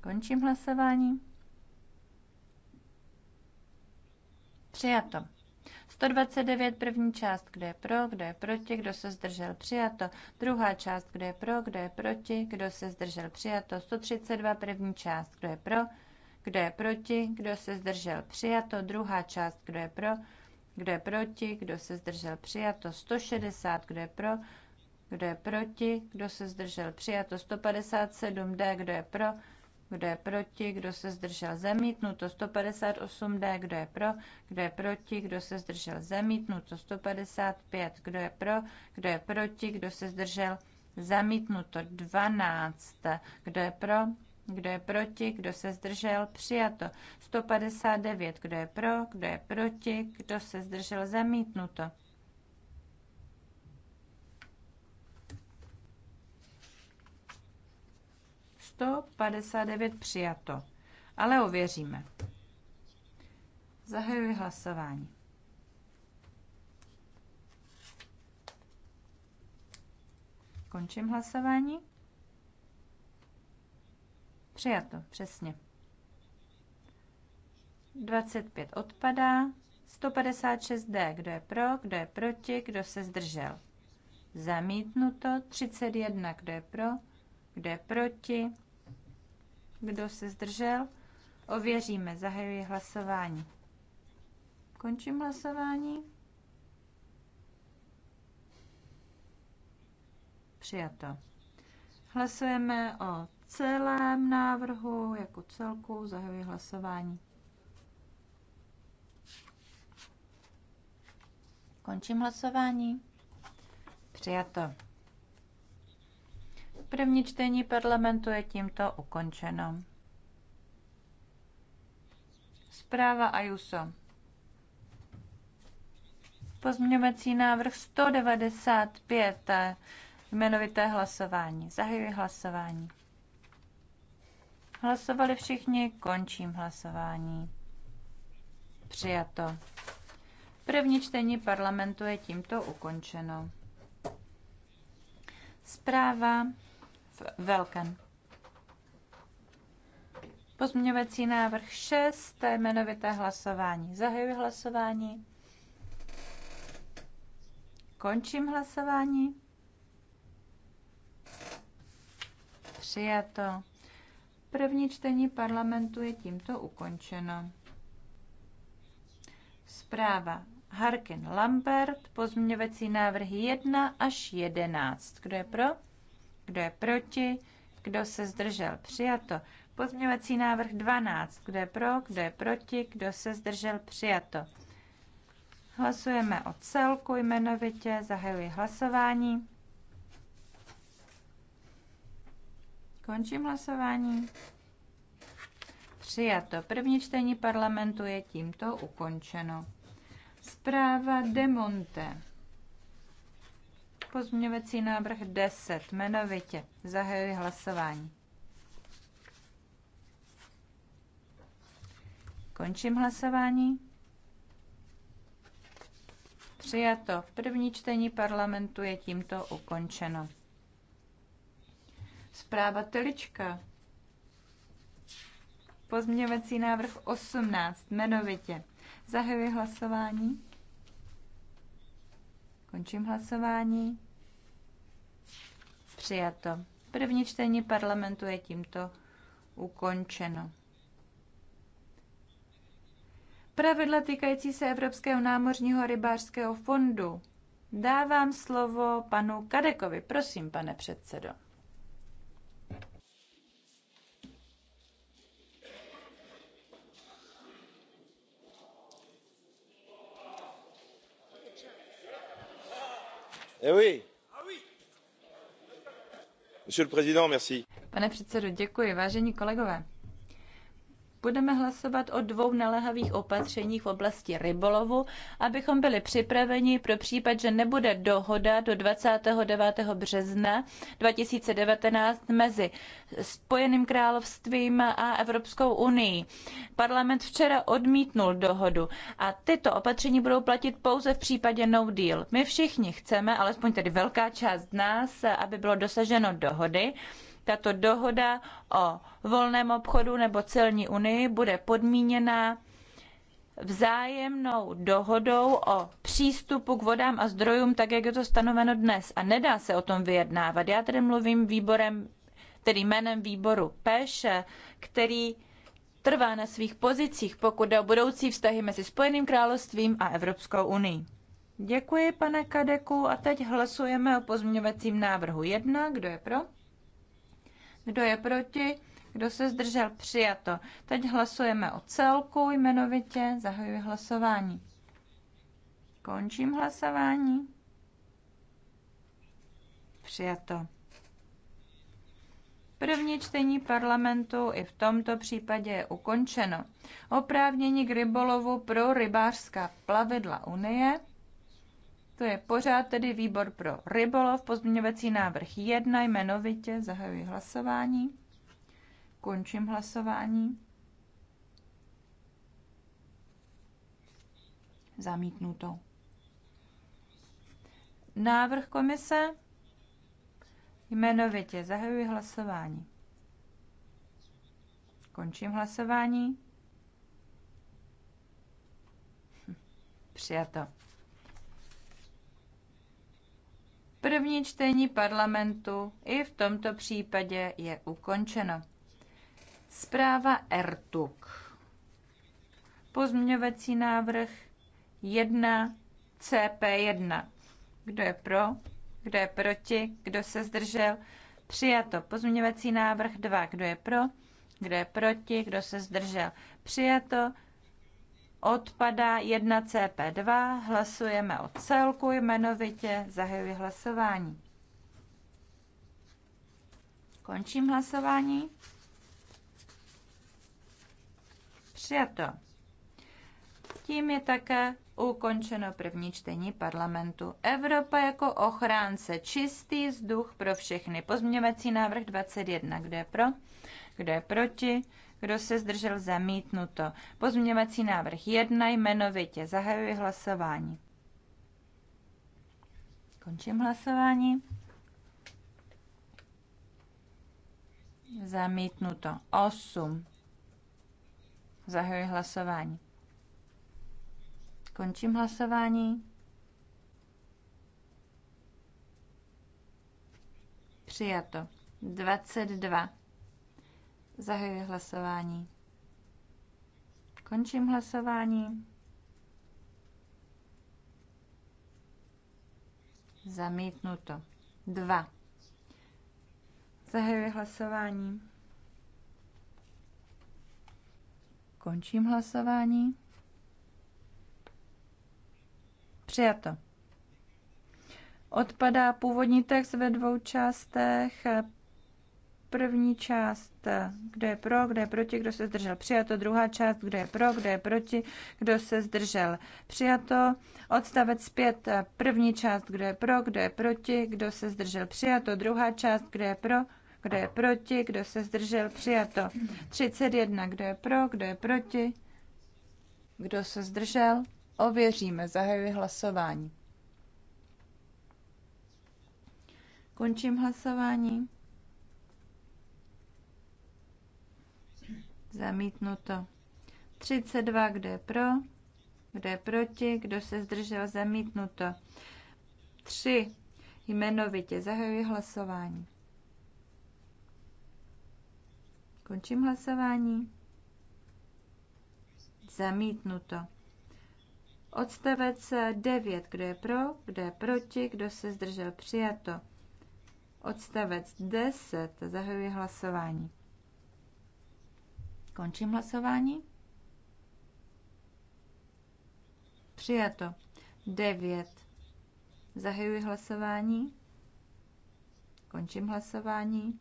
Končím hlasování. Přijato. 129 první část, kdo je pro, kdo je proti, kdo se zdržel přijato. Druhá část, kdo je pro, kdo je proti, kdo se zdržel přijato. 132 první část, kdo je pro, kdo je proti, kdo se zdržel přijato. Druhá část, kdo je pro, kdo je proti, kdo se zdržel přijato. 160, kdo je pro, kdo je proti, kdo se zdržel přijato. 157D, kdo je pro, kdo je proti, kdo se zdržel zamítnuto 158D, kdo je pro, kdo je proti, kdo se zdržel zamítnuto 155, kdo je pro, kdo je proti, kdo se zdržel zamítnuto 12, kdo je pro, kdo je proti, kdo se zdržel, přijato 159, kdo je pro, kdo je proti, kdo se zdržel, zamítnuto 159 přijato. Ale ověříme. Zahajuji hlasování. Končím hlasování. Přijato, přesně. 25 odpadá. 156D, kdo je pro, kdo je proti, kdo se zdržel. Zamítnuto 31, kdo je pro, kdo je proti, kdo se zdržel? Ověříme. Zahajuji hlasování. Končím hlasování. Přijato. Hlasujeme o celém návrhu jako celku. Zahajuji hlasování. Končím hlasování. Přijato. První čtení parlamentu je tímto ukončeno. Zpráva Ajuso. Pozměňovací návrh 195. Jmenovité hlasování. Zahajuji hlasování. Hlasovali všichni, končím hlasování. Přijato. První čtení parlamentu je tímto ukončeno. Zpráva velkém. Pozměňovací návrh 6, jmenovité hlasování. Zahajuji hlasování. Končím hlasování. Přijato. První čtení parlamentu je tímto ukončeno. Zpráva Harkin Lambert, pozměňovací návrhy 1 až 11. Kdo je pro? kdo je proti, kdo se zdržel, přijato. Pozměňovací návrh 12, kdo je pro, kdo je proti, kdo se zdržel, přijato. Hlasujeme o celku jmenovitě, zahajuji hlasování. Končím hlasování. Přijato. První čtení parlamentu je tímto ukončeno. Zpráva Demonte. Pozměňovací návrh 10. Jmenovitě. Zahajuji hlasování. Končím hlasování. Přijato. První čtení parlamentu je tímto ukončeno. Zpráva Telička. Pozměňovací návrh 18. Jmenovitě. Zahajuji hlasování. Končím hlasování. Přijato. První čtení parlamentu je tímto ukončeno. Pravidla týkající se Evropského námořního rybářského fondu. Dávám slovo panu Kadekovi. Prosím, pane předsedo. Eh ah Pane předsedající děkuji. Vážení kolegové, Budeme hlasovat o dvou naléhavých opatřeních v oblasti rybolovu, abychom byli připraveni pro případ, že nebude dohoda do 29. března 2019 mezi Spojeným královstvím a Evropskou unii. Parlament včera odmítnul dohodu a tyto opatření budou platit pouze v případě no deal. My všichni chceme, alespoň tedy velká část nás, aby bylo dosaženo dohody, tato dohoda o volném obchodu nebo celní unii bude podmíněna vzájemnou dohodou o přístupu k vodám a zdrojům, tak jak je to stanoveno dnes. A nedá se o tom vyjednávat. Já tedy mluvím výborem, tedy jménem výboru PEŠ, který trvá na svých pozicích, pokud jde o budoucí vztahy mezi Spojeným královstvím a Evropskou unii. Děkuji, pane Kadeku, a teď hlasujeme o pozměňovacím návrhu 1. Kdo je pro? Kdo je proti? Kdo se zdržel? Přijato. Teď hlasujeme o celku jmenovitě. Zahajuji hlasování. Končím hlasování. Přijato. První čtení parlamentu i v tomto případě je ukončeno. Oprávnění k rybolovu pro rybářská plavidla Unie je pořád tedy výbor pro rybolov, pozměňovací návrh 1, jmenovitě zahajuji hlasování, končím hlasování. Zamítnuto. Návrh komise jmenovitě zahajuji hlasování. Končím hlasování. Hm, přijato. První čtení parlamentu i v tomto případě je ukončeno. Zpráva RTUK. Pozměňovací návrh 1 CP1. Kdo je pro? Kdo je proti? Kdo se zdržel? Přijato. Pozměňovací návrh 2. Kdo je pro? Kdo je proti? Kdo se zdržel? Přijato odpadá 1CP2, hlasujeme o celku jmenovitě, zahajuji hlasování. Končím hlasování. Přijato. Tím je také ukončeno první čtení parlamentu. Evropa jako ochránce, čistý vzduch pro všechny. Pozměňovací návrh 21. Kdo je pro? Kdo je proti? Kdo se zdržel zamítnuto? Pozměňovací návrh 1 jmenovitě. Zahajuji hlasování. Končím hlasování. Zamítnuto 8. Zahajuji hlasování. Končím hlasování. Přijato 22. Zahajuji hlasování. Končím hlasování. Zamítnuto. Dva. Zahajuji hlasování. Končím hlasování. Přijato. Odpadá původní text ve dvou částech. První část, kdo je pro, kdo je proti, kdo se zdržel přijato. Druhá část, kdo je pro, kdo je proti, kdo se zdržel přijato. Odstavec 5, první část, kdo je pro, kdo je proti, kdo se zdržel přijato. Druhá část, kdo je pro, kdo je proti, kdo se zdržel přijato. 31, kdo je pro, kdo je proti, kdo se zdržel. Ověříme, zahajuji hlasování. Končím hlasování. zamítnuto. 32, kdo je pro, kdo je proti, kdo se zdržel, zamítnuto. 3, jmenovitě zahajuji hlasování. Končím hlasování. Zamítnuto. Odstavec 9. Kdo je pro, kdo je proti, kdo se zdržel přijato. Odstavec 10. Zahajuji hlasování. Končím hlasování. Přijato. 9. Zahajuji hlasování. Končím hlasování.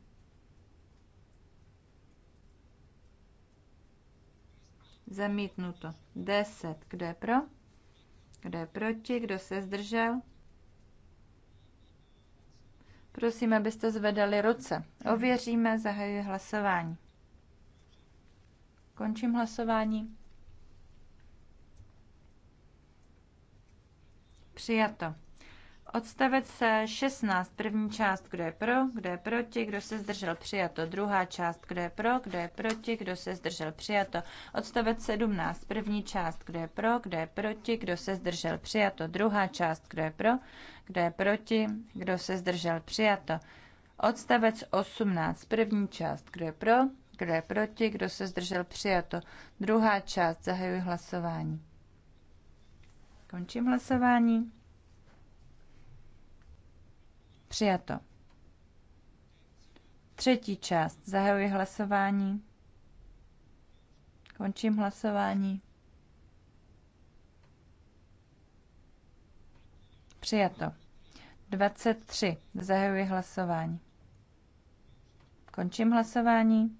Zamítnuto. 10. Kdo je pro? Kdo je proti? Kdo se zdržel? Prosím, abyste zvedali ruce. Ověříme, zahajuji hlasování. Končím hlasování. Přijato. Odstavec 16, první část, kdo je pro, kdo je proti, kdo se zdržel přijato. Druhá část, kdo je pro, kdo je proti, kdo se zdržel přijato. Odstavec 17, první část, kdo je pro, kdo je proti, kdo se zdržel přijato. Druhá část, kdo je pro, kdo je proti, kdo se zdržel přijato. Odstavec 18, první část, kdo je pro, kdo je proti? Kdo se zdržel? Přijato. Druhá část. Zahajuji hlasování. Končím hlasování. Přijato. Třetí část. Zahajuji hlasování. Končím hlasování. Přijato. 23. Zahajuji hlasování. Končím hlasování.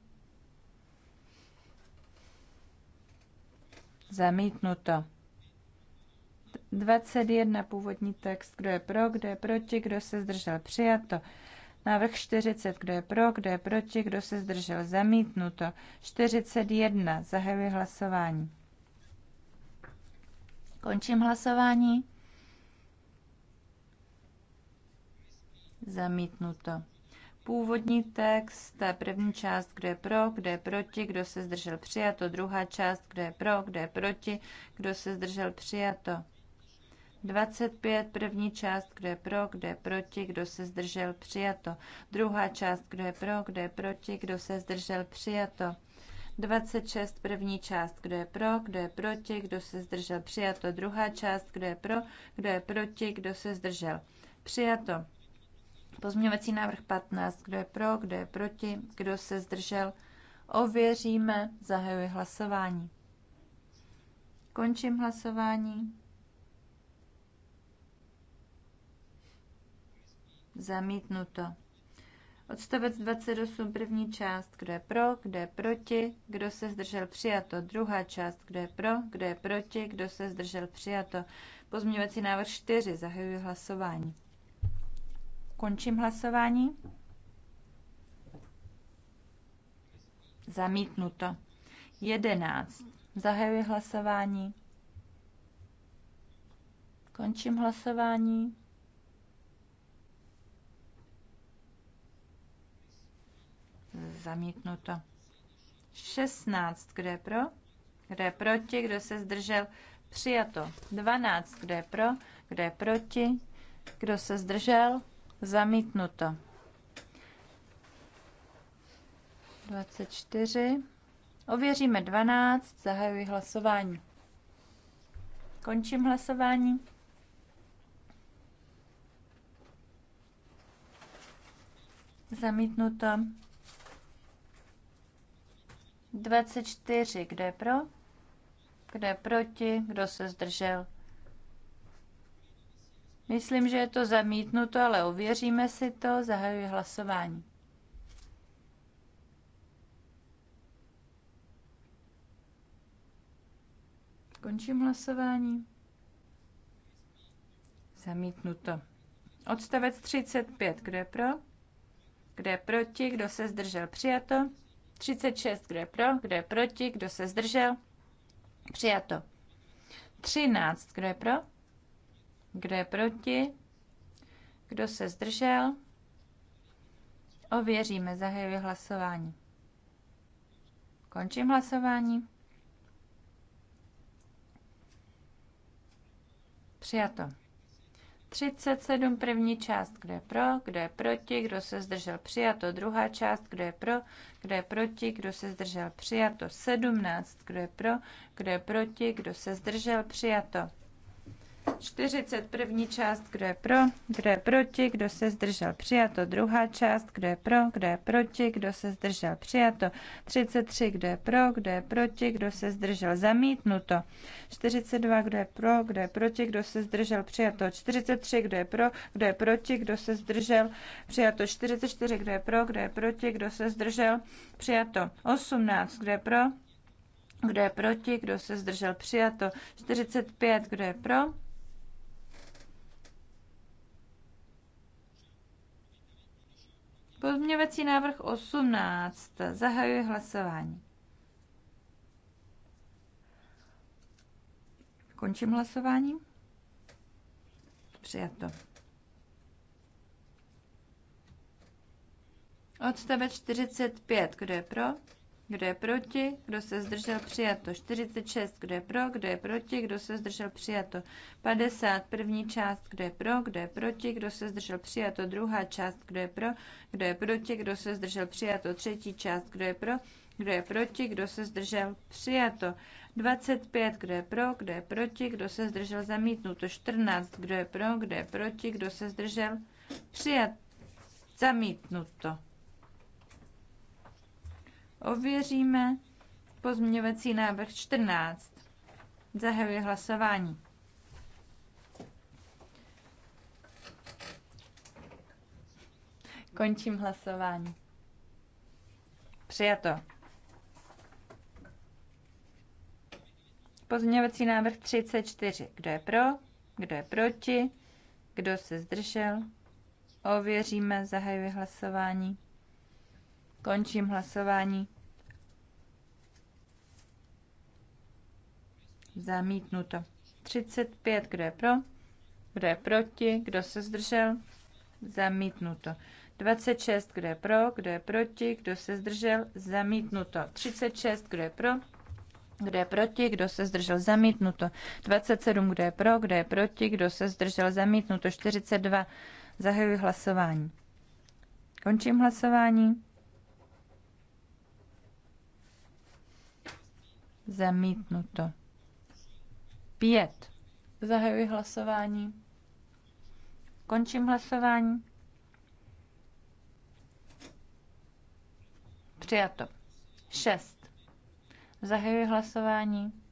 Zamítnuto. 21 původní text, kdo je pro, kdo je proti, kdo se zdržel přijato. Návrh 40, kdo je pro, kdo je proti, kdo se zdržel zamítnuto. 41, zahajuji hlasování. Končím hlasování. Zamítnuto. Původní text, ta první část, kdo je pro, kdo je proti, kdo se zdržel přijato. Druhá část, kdo je pro, kdo je proti, kdo se zdržel přijato. 25, první část, kdo je pro, kdo je proti, kdo se zdržel přijato. Druhá část, kdo je pro, kdo je proti, kdo se zdržel přijato. 26, první část, kdo je pro, kdo je proti, kdo se zdržel přijato. Druhá část, kdo je pro, kdo je proti, kdo se zdržel přijato. Pozměňovací návrh 15. Kdo je pro, kdo je proti, kdo se zdržel? Ověříme. Zahajuji hlasování. Končím hlasování. Zamítnuto. Odstavec 28, první část, kdo je pro, kdo je proti, kdo se zdržel přijato. Druhá část, kdo je pro, kdo je proti, kdo se zdržel přijato. Pozměňovací návrh 4, zahajuji hlasování. Končím hlasování. Zamítnuto. 11. Zahajuji hlasování. Končím hlasování. Zamítnuto. 16. Kdo je pro? Kdo je proti? Kdo se zdržel? Přijato. 12. Kdo je pro? Kdo je proti? Kdo se zdržel? Zamítnuto. 24. Ověříme 12. Zahajuji hlasování. Končím hlasování. Zamítnuto. 24. Kdo je pro? Kdo je proti? Kdo se zdržel? Myslím, že je to zamítnuto, ale ověříme si to. Zahajuji hlasování. Končím hlasování. Zamítnuto. Odstavec 35. Kdo je pro? Kdo je proti? Kdo se zdržel? Přijato. 36. Kdo je pro? Kdo je proti? Kdo se zdržel? Přijato. 13. Kdo je pro? Kdo je proti? Kdo se zdržel? Ověříme, zahajuji hlasování. Končím hlasování. Přijato. 37 první část, kdo je pro, kdo je proti, kdo se zdržel přijato, druhá část, kdo je pro, kdo je proti, kdo se zdržel přijato, 17, kdo je pro, kdo je proti, kdo se zdržel přijato, 41. část, kdo je pro, kdo je proti, kdo se zdržel přijato. Druhá část, kdo je pro, kdo je proti, kdo se zdržel přijato. 33. Kdo je pro, kdo je proti, kdo se zdržel zamítnuto. 42. Kdo je pro, kdo je proti, kdo se zdržel přijato. 43. Kdo je pro, kdo je proti, kdo se zdržel přijato. 44. Kdo je pro, kdo je proti, kdo se zdržel přijato. 18. Kdo je pro, kdo je proti? Kdo se zdržel? Přijato. 45. Kdo je pro? Pozměňovací návrh 18. Zahajuji hlasování. Končím hlasování. Přijato. Odstavec 45. Kdo je pro? kdo je proti, kdo se zdržel přijato. 46, kdo je pro, kdo je proti, kdo se zdržel přijato. 50, první část, kdo je pro, kdo je proti, kdo se zdržel přijato. Druhá část, kdo je pro, kdo je proti, kdo se zdržel přijato. Třetí část, kdo je pro, kdo je proti, kdo se zdržel přijato. 25, kdo je pro, kdo je proti, kdo se zdržel zamítnuto. 14, kdo je pro, kdo je proti, kdo se zdržel Přijato. zamítnuto. Ověříme pozměňovací návrh 14. Zahajuji hlasování. Končím hlasování. Přijato. Pozměňovací návrh 34. Kdo je pro? Kdo je proti? Kdo se zdržel? Ověříme, zahajuji hlasování. Končím hlasování. Zamítnuto. 35, kdo je pro? Kdo je proti? Kdo se zdržel? Zamítnuto. 26, kdo je pro? Kdo je proti? Kdo se zdržel? Zamítnuto. 36, kdo je pro? Kdo je proti? Kdo se zdržel? Zamítnuto. 27, kdo je pro? Kdo je proti? Kdo se zdržel? Zamítnuto. 42, zahajuji hlasování. Končím hlasování. Zamítnuto. Pět. Zahajuji hlasování. Končím hlasování. Přijato. Šest. Zahajuji hlasování.